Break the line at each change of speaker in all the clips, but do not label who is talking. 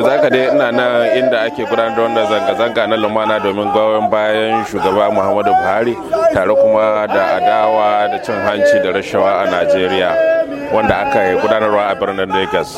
za ka dai ina nan inda ake gudanar da wannan zanga-zanga na lumana domin goyon bayan shugaba muhammadu buhari tare kuma da adawa da cin hanci da rashawa a najeriya wanda aka gudanarwa a birnin lagos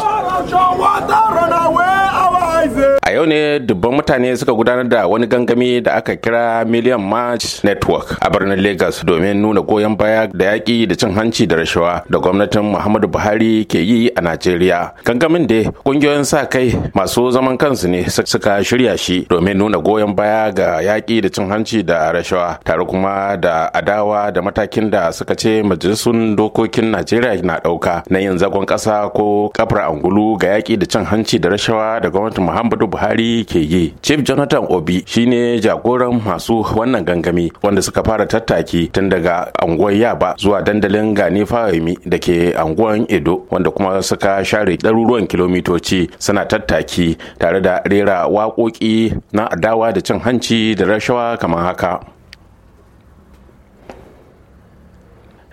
a yau ne dubban mutane suka gudanar da wani gangami da aka kira million march network a birnin lagos domin nuna goyon baya da yaƙi da cin hanci da rashawa da gwamnatin muhammadu buhari ke yi a najeriya gangamin da ƙungiyoyin sa kai masu zaman kansu ne suka shirya shi domin nuna goyon baya ga yaƙi da cin hanci da rashawa tare kuma da adawa da matakin da suka ce majalisun dokokin najeriya na ɗauka na yin zagon ƙasa ko kafar angulu ga yaƙi da cin hanci da rashawa da gwamnatin muhammadu buhari ke yi chief jonathan obi shine jagoran masu wannan gangami wanda suka fara tattaki tun daga anguwar yaba zuwa dandalin gani fahimi da ke anguwan edo wanda kuma suka share ɗaruruwan kilomitoci suna tattaki tare da rera waƙoƙi na adawa da cin hanci da rashawa kamar haka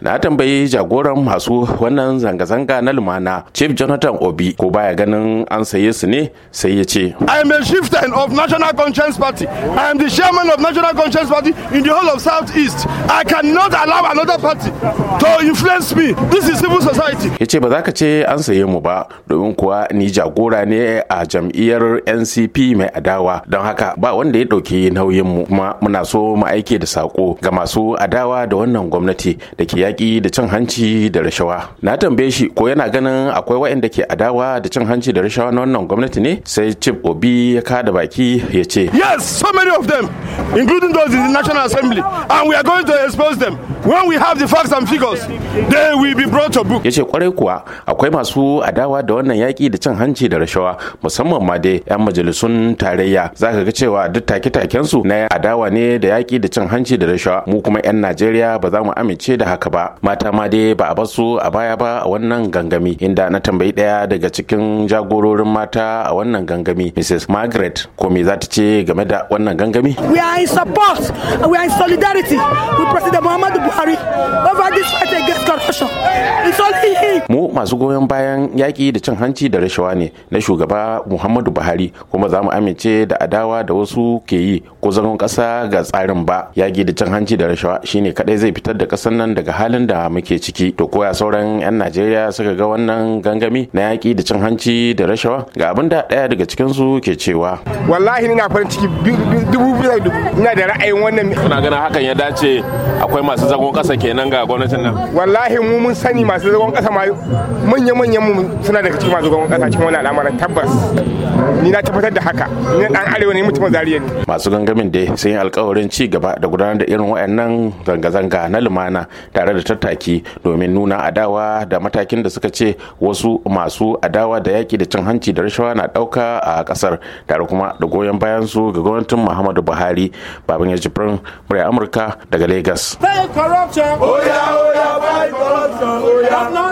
na tambayi jagoran masu wannan zanga-zanga na lumana chief jonathan obi ko baya ganin an saye su ne sai ya ce i am a chieftain of national conscience party i am the chairman of national conscience party in the whole of south east. i cannot allow another party to influence me this is civil society ya ce ba za ka ce an saye mu ba domin kuwa ni jagora ne a jam'iyyar ncp mai adawa don haka ba wanda ya ɗauki nauyin mu kuma muna so mu aike da sako ga masu adawa da wannan gwamnati da ke yaƙi da cin hanci da rashawa na tambaye shi ko yana ganin akwai waɗanda ke adawa da cin hanci da rashawa na wannan gwamnati ne sai chief obi ya kada baki ya ce yes so many of them including those in the national assembly and we are going to expose them when we have the facts and figures they will be brought to book yace kwarai kuwa akwai masu adawa da wannan yaki da cin hanci da rashawa musamman ma dai yan majalisun tarayya zaka ga cewa duk take-taken su na adawa ne da yaki da cin hanci da rashawa mu kuma yan Najeriya ba za mu amince da haka ba mata ma dai ba a basu a baya ba a wannan gangami inda na tambayi daya daga cikin jagororin mata a wannan gangami Mrs Margaret ko me za ta ce game da wannan gangami we are in support we are in solidarity with president العربي ما بعد سمعت قصة الحشا مو masu goyon bayan yaƙi da cin hanci da rashawa ne na shugaba muhammadu buhari kuma za mu amince da adawa da wasu ke yi ko zagon ƙasa ga tsarin ba yaƙi da cin hanci da rashawa shine kadai zai fitar da ƙasar nan daga halin da muke ciki to koya sauran 'yan najeriya suka ga wannan gangami na yaƙi da cin hanci da rashawa ga abin da ɗaya daga cikinsu ke cewa wallahi ina farin ciki dubu bisa dubu ina da ra'ayin wannan kuna ganin hakan ya dace akwai masu zagon ƙasa kenan ga gwamnatin nan wallahi mu mun sani masu zagon ƙasa ma manya-manyan mu suna daga cikin masu gwamnati kasa cikin wani al'amarin tabbas ni na tabbatar da haka ni dan arewa ne mutumin zariya ne masu gangamin dai sun yi alkawarin ci gaba da gudanar da irin wayannan zanga-zanga na lumana tare da tattaki domin nuna adawa da matakin da suka ce wasu masu adawa da yaki da cin hanci da rashawa na dauka a kasar tare kuma da goyon bayan su ga gwamnatin Muhammadu Buhari baban ya jibrin murya Amurka daga Lagos. Oya, oya, corruption! Oya!